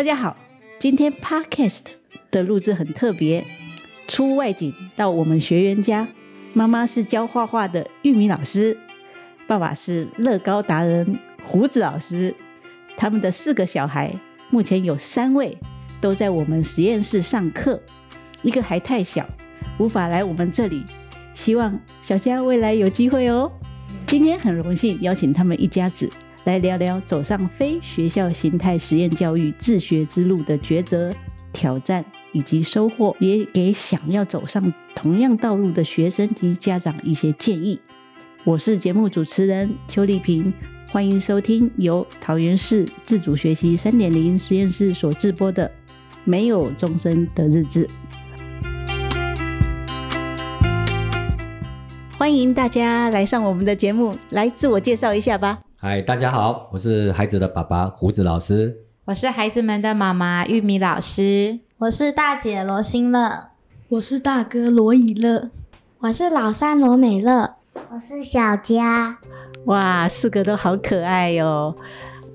大家好，今天 podcast 的錄製很特別，出外景到我們學員家。媽媽是教畫畫的玉米老師，爸爸是樂高達人鬍子老師。他們的四個小孩，目前有三位都在我們實驗室上課，一個還太小，無法來我們這裡。希望小佳未來有機會哦。今天很榮幸邀請他們一家子。來聊聊走上非學校形態實驗教育自學之路的抉擇、挑戰以及收穫，也給想要走上同樣道路的學生及家長一些建議。我是節目主持人邱麗萍，歡迎收聽由桃園市自主學習三點零實驗室所制播的《沒有鐘聲的日子》。歡迎大家來上我們的節目，來自我介紹一下吧。嗨，Hi, 大家好，我是孩子的爸爸胡子老師，我是孩子們的媽媽玉米老師，我是大姐羅心樂，我是大哥羅以樂，我是老三羅美樂，我是小佳。哇，四個都好可愛哦。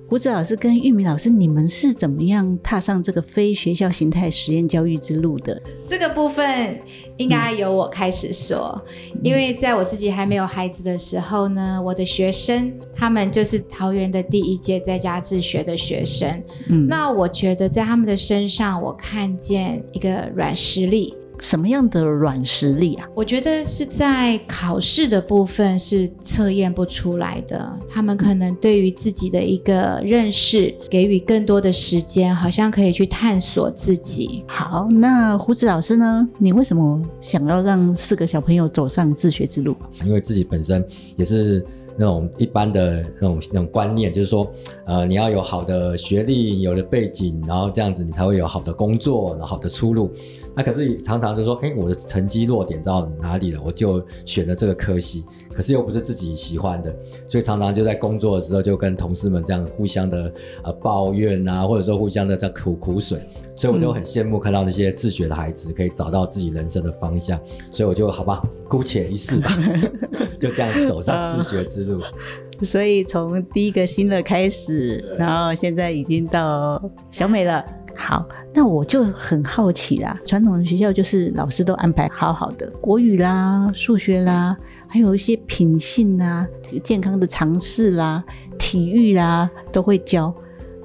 胡子老師跟玉米老師，你們是怎麼樣踏上這個非學校形態實驗教育之路的？這個部分應該由我開始說。嗯、因為在我自己還沒有孩子的時候呢，我的學生他們就是桃園的第一屆在家自學的學生。嗯、那我覺得在他們的身上，我看見一個軟實力。什麼樣的軟實力啊？我覺得是在考試的部分是測驗不出來的。他們可能對於自己的一個認識，給予更多的時間，好像可以去探索自己。好，那胡子老師呢？你為什麼想要讓四個小朋友走上自學之路？因為自己本身也是。那種一般的那種那種觀念，就是說，呃，你要有好的學歷，有的背景，然後這樣子你才會有好的工作，然後好的出路。那可是常常就說，哎，我的成績落點到哪裡了？我就選了這個科系，可是又不是自己喜歡的，所以常常就在工作的時候就跟同事們這樣互相的呃抱怨啊，或者說互相的在吐苦水。所以我就很羨慕看到那些自學的孩子可以找到自己人生的方向，所以我就好吧，姑且一試吧， 就這樣子走上自學之路。 所以從第一個新的開始，然後現在已經到小美了。好，那我就很好奇啦。傳統的學校就是老師都安排好好的國語啦、數學啦，還有一些品性啦、就是、健康的嘗試啦、體育啦都會教。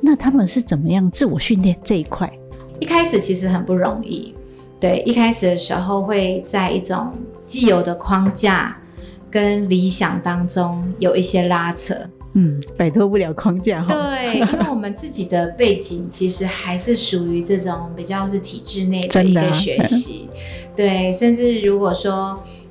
那他們是怎麼樣自我訓練這一塊？一開始其實很不容易。對，一開始的時候會在一種既有的框架。嗯跟理想當中有一些拉扯，嗯，擺脫不了框架哈。對， 因為我們自己的背景其實還是屬於這種比較是體制內的一個學習，真的啊、 對，甚至如果說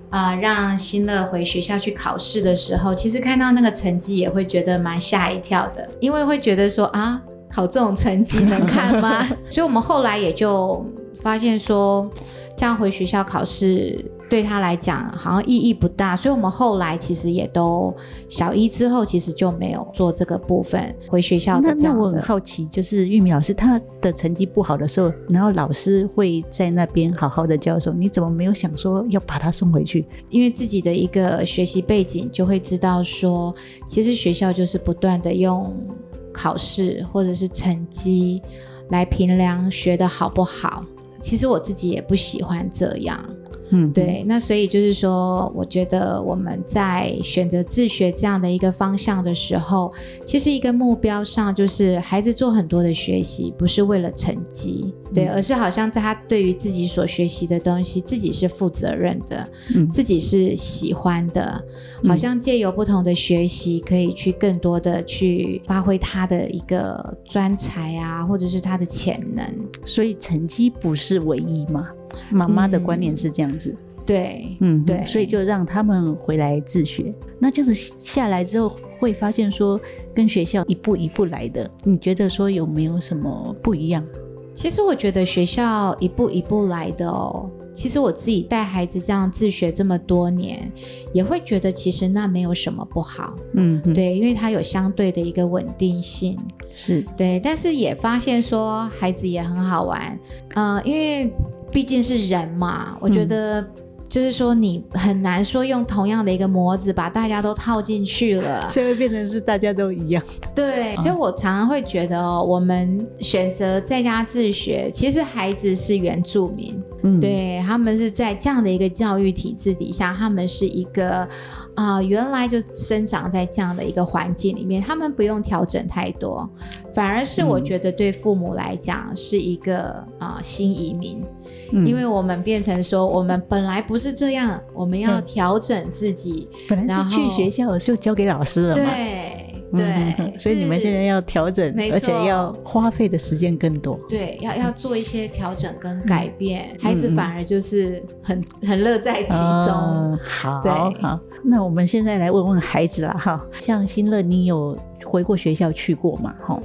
啊、呃，讓心樂回學校去考試的時候，其實看到那個成績也會覺得蠻嚇一跳的，因為會覺得說啊，考這種成績能看嗎？ 所以我們後來也就發現說，這樣回學校考試。對他來講，好像意義不大，所以我們後來其實也都小一之後，其實就沒有做這個部分回學校的這樣的。那，那我很好奇，就是玉米老師他的成績不好的時候，然後老師會在那邊好好的教授，你怎麼沒有想說要把他送回去？因為自己的一個學習背景，就會知道說，其實學校就是不斷的用考試或者是成績來衡量學的好不好。其實我自己也不喜歡這樣。嗯，對。那所以就是說，我覺得我們在選擇自學這樣的一個方向的時候，其實一個目標上就是孩子做很多的學習，不是為了成績。對，而是好像在他對於自己所學習的東西，自己是負責任的，嗯、自己是喜歡的，嗯、好像借由不同的學習，可以去更多的去發揮他的一個專才啊，或者是他的潛能。所以成績不是唯一嘛。媽媽的觀念是這樣子。對，嗯，對，嗯、哼，對。所以就讓他們回來自學。那這樣子下來之後，會發現說，跟學校一步一步來的，你覺得說有沒有什麼不一樣？其實我覺得學校一步一步來的哦。其實我自己帶孩子這樣自學這麼多年，也會覺得其實那沒有什麼不好。嗯哼，對，因為它有相對的一個穩定性，是對。但是也發現說孩子也很好玩，嗯、呃，因為畢竟是人嘛，我覺得、嗯。就是說，你很難說用同樣的一個模子把大家都套進去了，所以會變成是大家都一樣。對，哦、所以我常常會覺得，哦，我們選擇在家自學，其實孩子是原住民，嗯、對他們是在這樣的一個教育體制底下，他們是一個啊、呃，原來就生長在這樣的一個環境裡面，他們不用調整太多，反而是我覺得對父母來講是一個啊、嗯呃、新移民。因為我們變成說，我們本來不是這樣，我們要調整自己。本來是去學校就交給老師了嘛。對對。所以你們現在要調整，而且要花費的時間更多。對，要，要做一些調整跟改變，孩子反而就是很很樂在其中。好，好，那我們現在來問問孩子了哈。像心樂，你有回過學校去過嗎？哈。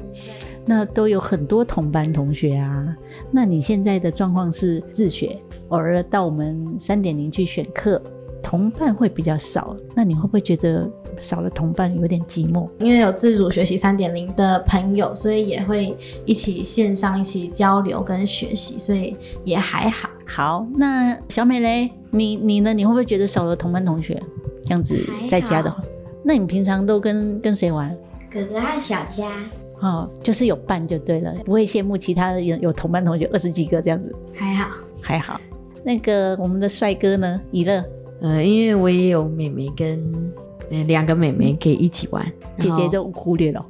那都有很多同班同學啊。那你現在的狀況是自學，偶爾到我們三點零去選課，同伴會比較少。那你會不會覺得少了同伴有點寂寞？因為有自主學習三點零的朋友，所以也會一起線上一起交流跟學習，所以也還好。好，那小美咧，你你呢？你會不會覺得少了同班同學？這樣子在家的話，好那你平常都跟跟誰玩？哥哥和小佳。哦，就是有伴就對了，不會羨慕其他的有有同班同學二十幾個這樣子，還好還好。還好那個我們的帥哥呢，以樂，呃，因為我也有妹妹跟兩、呃、個妹妹可以一起玩，姐姐都忽略了，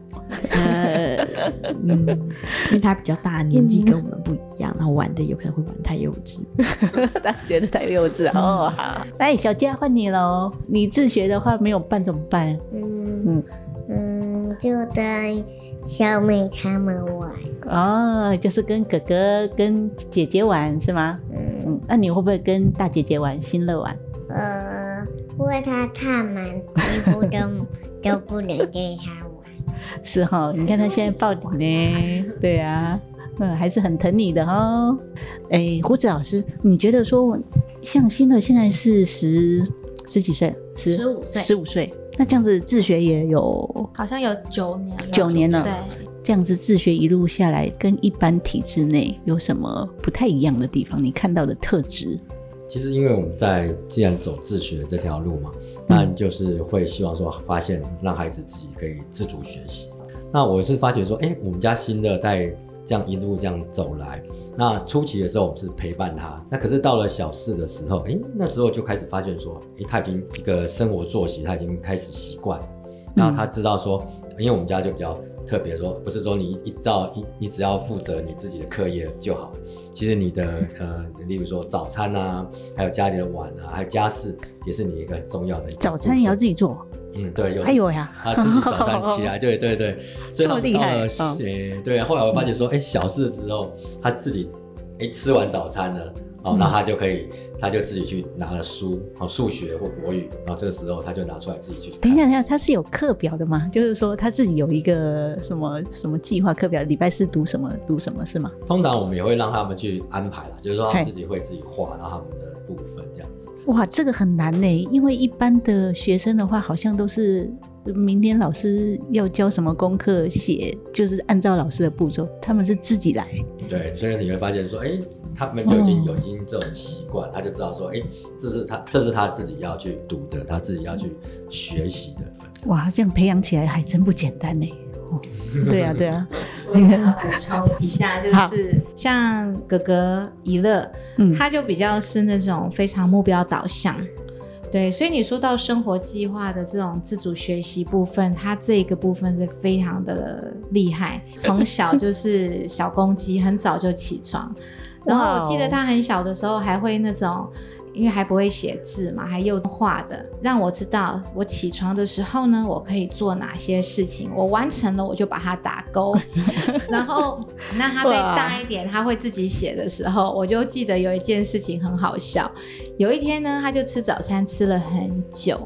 呃、 嗯，因為他比較大年紀，跟我們不一樣，嗯、然後玩的有可能會玩太幼稚，大家 覺得太幼稚了、嗯、哦。好，哎，小佳換你嘍，你自學的話沒有伴怎麼辦？嗯嗯嗯，就在。小美他們玩哦，就是跟哥哥、跟姐姐玩是嗎？嗯，那、嗯啊、你會不會跟大姐姐玩？心樂玩？呃，因為他太忙，幾乎都 都不能跟他玩。是哈、哦，你看他現在抱你呢？對啊，嗯，還是很疼你的哈、哦。哎、欸，胡子老師，你覺得說像心樂現在是十十幾歲？十十五歲？十五歲？那這樣子自學也有，好像有九年了，九年了。對，這樣子自學一路下來，跟一般體制內有什麼不太一樣的地方？你看到的特質？其實因為我們在既然走自學這條路嘛，那就是會希望說發現讓孩子自己可以自主學習。那我是發覺說，哎、欸，我們家心樂在。這樣一路這樣走來，那初期的時候我們是陪伴他，那可是到了小四的時候，哎，那時候就開始發現說，哎，他已經一個生活作息，他已經開始習慣了，那他知道說。嗯因為我們家就比較特別說，說不是說你一一照一一要負責你自己的課業就好，其實你的呃，例如說早餐啊，還有家裡的碗啊，還有家事也是你一個很重要的一。早餐也要自己做？嗯，對，有哎有呦呀， 他自己早餐起來，對對對，對所以他到了呃，嗯、對啊，後來我發現說，哎，小事之後他自己，哎，吃完早餐了。哦、然後他就可以，嗯、他就自己去拿了書，哦，數學或國語，然後這個時候他就拿出來自己去。等一下，等一下，他是有課表的嗎？就是說他自己有一個什麼什麼計劃課表，禮拜四讀什麼讀什麼是嗎？通常我們也會讓他們去安排啦，就是說他們自己會自己畫，嘿然後他們的部分這樣子。哇，這個很難呢，因為一般的學生的話，好像都是。明天老師要教什麼功課寫，就是按照老師的步驟，他們是自己來。對，所以你會發現說，哎、欸，他們就已經有已經這種習慣，他、哦、就知道說，哎、欸，這是他，這是他自己要去讀的，他自己要去學習的。哇，這樣培養起來還真不簡單呢。哦、 對啊，對啊。 我想他補充一下，就是好像哥哥以樂，嗯、他就比較是那種非常目標導向。對，所以你說到生活計劃的這種自主學習部分，他這個部分是非常的厲害。從小就是小公雞， 很早就起床，然後我記得他很小的時候還會那種。因為還不會寫字嘛，還用畫的，讓我知道我起床的時候呢，我可以做哪些事情。我完成了，我就把它打勾。 然後，那他再大一點，哇他會自己寫的時候，我就記得有一件事情很好笑。有一天呢，他就吃早餐吃了很久，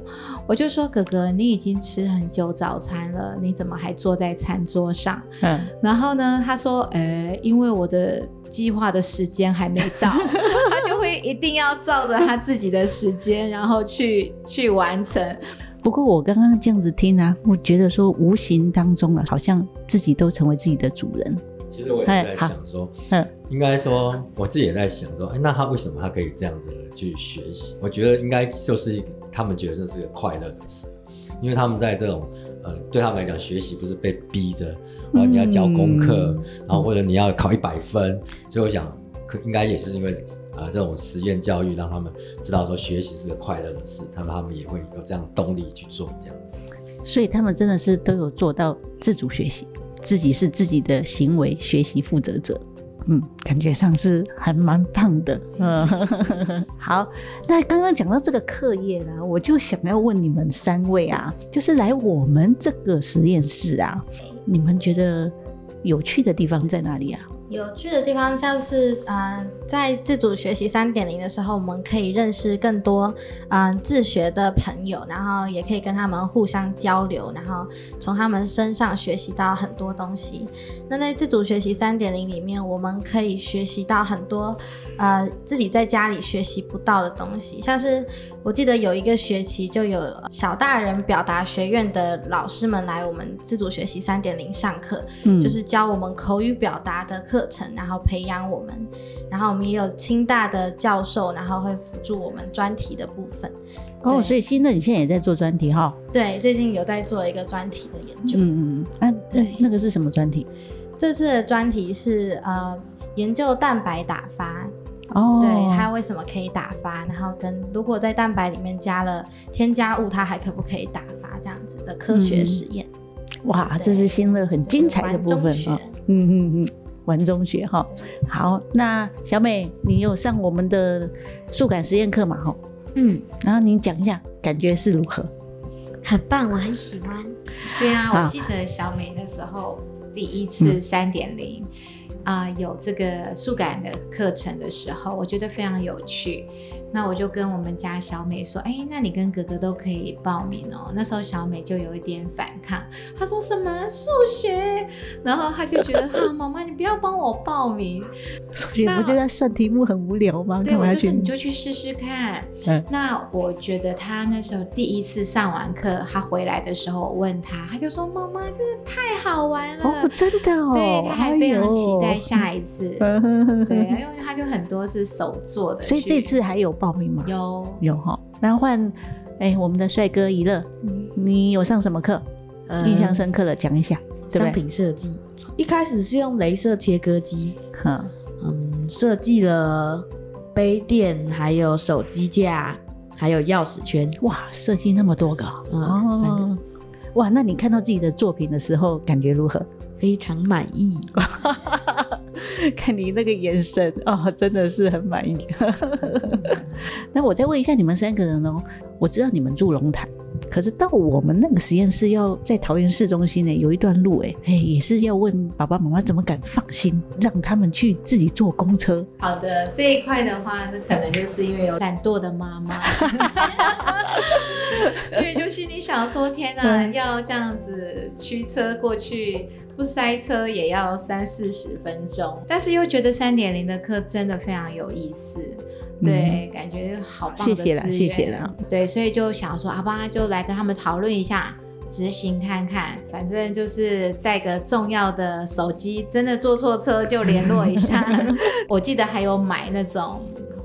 我就說：“哥哥，你已經吃很久早餐了，你怎麼還坐在餐桌上？”嗯。然後呢，他說：“哎、欸，因為我的。”計劃的時間還沒到， 他就會一定要照着他自己的時間， 然後去去完成。不過我剛剛這樣子聽啊，我覺得說無形當中啊，好像自己都成為自己的主人。其實我也在想說，嗯，應該說嘿我自己也在想說，哎，那他為什麼他可以這樣子去學習？我覺得應該就是一個，他們覺得這是個快樂的事。因為他們在這種，呃，對他們來講，學習不是被逼着，然後你要教功課，嗯、然後或者你要考一百分，所以我想，應該也是因為，啊、呃，這種實驗教育讓他們知道說學習是個快樂的事，他說他們也會有這樣動力去做這樣子。所以他們真的是都有做到自主學習，自己是自己的行為學習負責者。嗯，感覺上是還蠻棒的。嗯， 好，那剛剛講到這個課業呢，我就想要問你們三位啊，就是來我們這個實驗室啊，你們覺得有趣的地方在哪裡啊？有趣的地方像是，嗯、呃，在自主學習三點零的時候，我們可以認識更多，嗯、呃，自學的朋友，然後也可以跟他們互相交流，然後從他們身上學習到很多東西。那在自主學習三點零裡面，我們可以學習到很多，呃，自己在家裡學習不到的東西，像是我記得有一個學期就有小大人表達學院的老師們來我們自主學習三點零上課，嗯、就是教我們口語表達的課。課程，然後培養我們，然後我們也有清大的教授，然後會輔助我們專題的部分。哦，所以心樂你現在也在做專題哈？哦、對，最近有在做一個專題的研究。嗯嗯嗯，啊，對、嗯，那個是什麼專題？這次的專題是呃，研究蛋白打發。哦。對，它為什麼可以打發？然後跟如果在蛋白裡面加了添加物，它還可不可以打發？這樣子的科學實驗、嗯。哇，這是心樂很精彩的部分、哦、嗯嗯嗯。玩中學哈，好，那小美，你有上我們的觸感實驗課嗎？嗯，然後你講一下感覺是如何？很棒，我很喜歡。對啊，我記得小美那時候好第一次三點零。嗯啊、呃，有這個數感的課程的時候，我覺得非常有趣。那我就跟我們家小美說：“哎、欸，那你跟哥哥都可以報名哦、喔。”那時候小美就有一點反抗，她說：“什麼數學？”然後她就覺得：“哈、 啊，媽媽，你不要幫我報名，數學不我覺得算題目，很無聊嗎？”對，我就說，你就去試試看。嗯、那我覺得她那時候第一次上完課，她回來的時候，我問她，她就說：“媽媽，真的太好玩了，哦、真的哦。”對，她還非常期待、哎。再下一次， 對，因為他就很多是手做的，所以這次還有報名嗎？有，有哈、哦。然後換、欸，我們的帥哥以樂，嗯、你有上什麼課？印象深刻的講一下。嗯、對對，商品設計，一開始是用鐳射切割機，嗯，嗯，設計了杯墊，還有手機架，還有鑰匙圈。哇，設計那麼多個，嗯、哦，個哇，那你看到自己的作品的時候，感覺如何？非常滿意， 看你那個眼神哦，真的是很滿意。 那我再問一下你們三個人哦，我知道你們住龍潭。可是到我們那個實驗室，要在桃園市中心呢，有一段路，欸，嘿，也是要問爸爸媽媽怎麼敢放心讓他們去自己坐公車？好的，這一塊的話，那可能就是因為有懶惰的媽媽，對，就心裡想說，天哪，要這樣子驅車過去，不塞車也要三四十分鐘，但是又覺得三點零的課真的非常有意思。對，嗯、感覺好棒的謝謝啦。謝謝了，謝謝了。對，所以就想說，阿爸就來跟他們討論一下，執行看看，反正就是帶個重要的手機，真的坐錯車就聯絡一下。 我記得還有買那種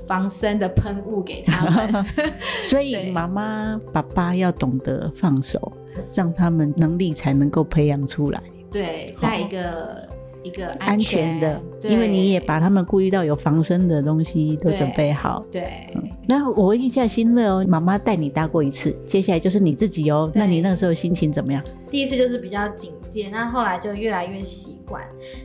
防身的噴霧給他們。 所以媽媽、對爸爸要懂得放手，讓他們能力才能夠培養出來。對，再好一個。一個安全，安全的，對因為你也把他們顧慮到，有防身的東西都準備好。對、對，嗯，那我問一下心樂哦，媽媽帶你搭過一次，接下來就是你自己哦。對那你那時候心情怎麼樣？第一次就是比較警戒，那後來就越來越習慣，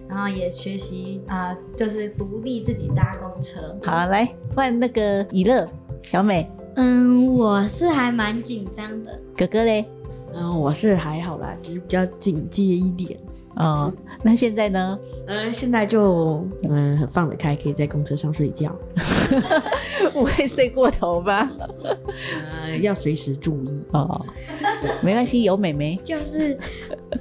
然後也學習啊、呃，就是獨立自己搭公車。好，來換那個以樂小美。嗯，我是還蠻緊張的。哥哥嘞？嗯，我是還好啦，只是比較警戒一點。哦，那現在呢？呃，現在就嗯，很、呃、放得開，可以在公車上睡覺，不 會睡過頭吧、 呃？要隨時注意哦。 沒關係，有妹妹。就是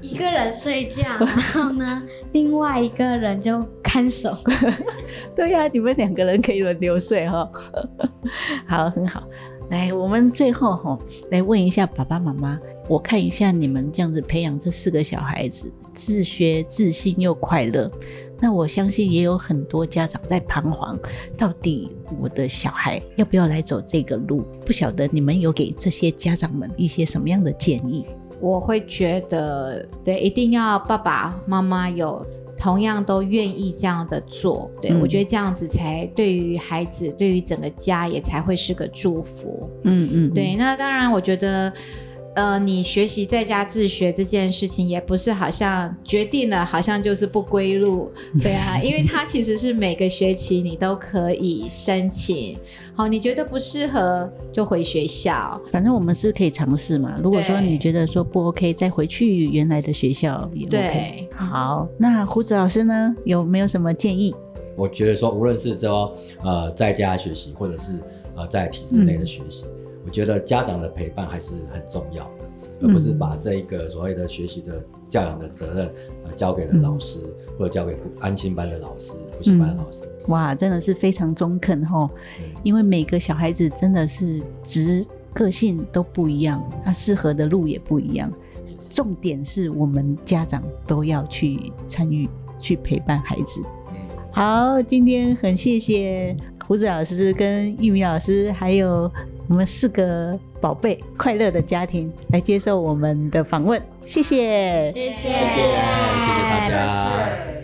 一個人睡覺，然後呢， 另外一個人就看守。 對呀、啊，你們兩個人可以輪流睡哈。 好，很好。來，我們最後吼、哦、來問一下爸爸媽媽，我看一下你們這樣子培養這四個小孩子，自學自信又快樂。那我相信也有很多家長在彷徨，到底我的小孩要不要來走這個路？不曉得你們有給這些家長們一些什麼樣的建議？我會覺得，對，一定要爸爸媽媽有。同樣都願意這樣的做，對、嗯、我覺得這樣子才對於孩子，對於整個家也才會是個祝福。嗯嗯，對，那當然我覺得。呃，你學習在家自學這件事情，也不是好像決定了，好像就是不歸路，對啊，因為它其實是每個學期你都可以申請，好、哦，你覺得不適合就回學校，反正我們是可以嘗試嘛。如果說你覺得說不 OK，對再回去原來的學校也 OK。對好，那鬍子老師呢，有沒有什麼建議？我覺得說無，無論是說呃在家學習，或者是呃在體制內的學習。嗯我覺得家長的陪伴還是很重要的，而不是把這一個所謂的學習的教養的責任、嗯呃、交給了老師、嗯、或者交給安親班的老師、補習班的老師、嗯。哇，真的是非常中肯哦！嗯、因為每個小孩子真的是值個性都不一樣，他適合的路也不一樣。重點是我們家長都要去參與去陪伴孩子。嗯、好，今天很謝謝胡子老師跟玉米老師，還有。我們四個寶貝，快樂的家庭來接受我們的訪問，謝謝，謝謝，謝謝，謝謝大家。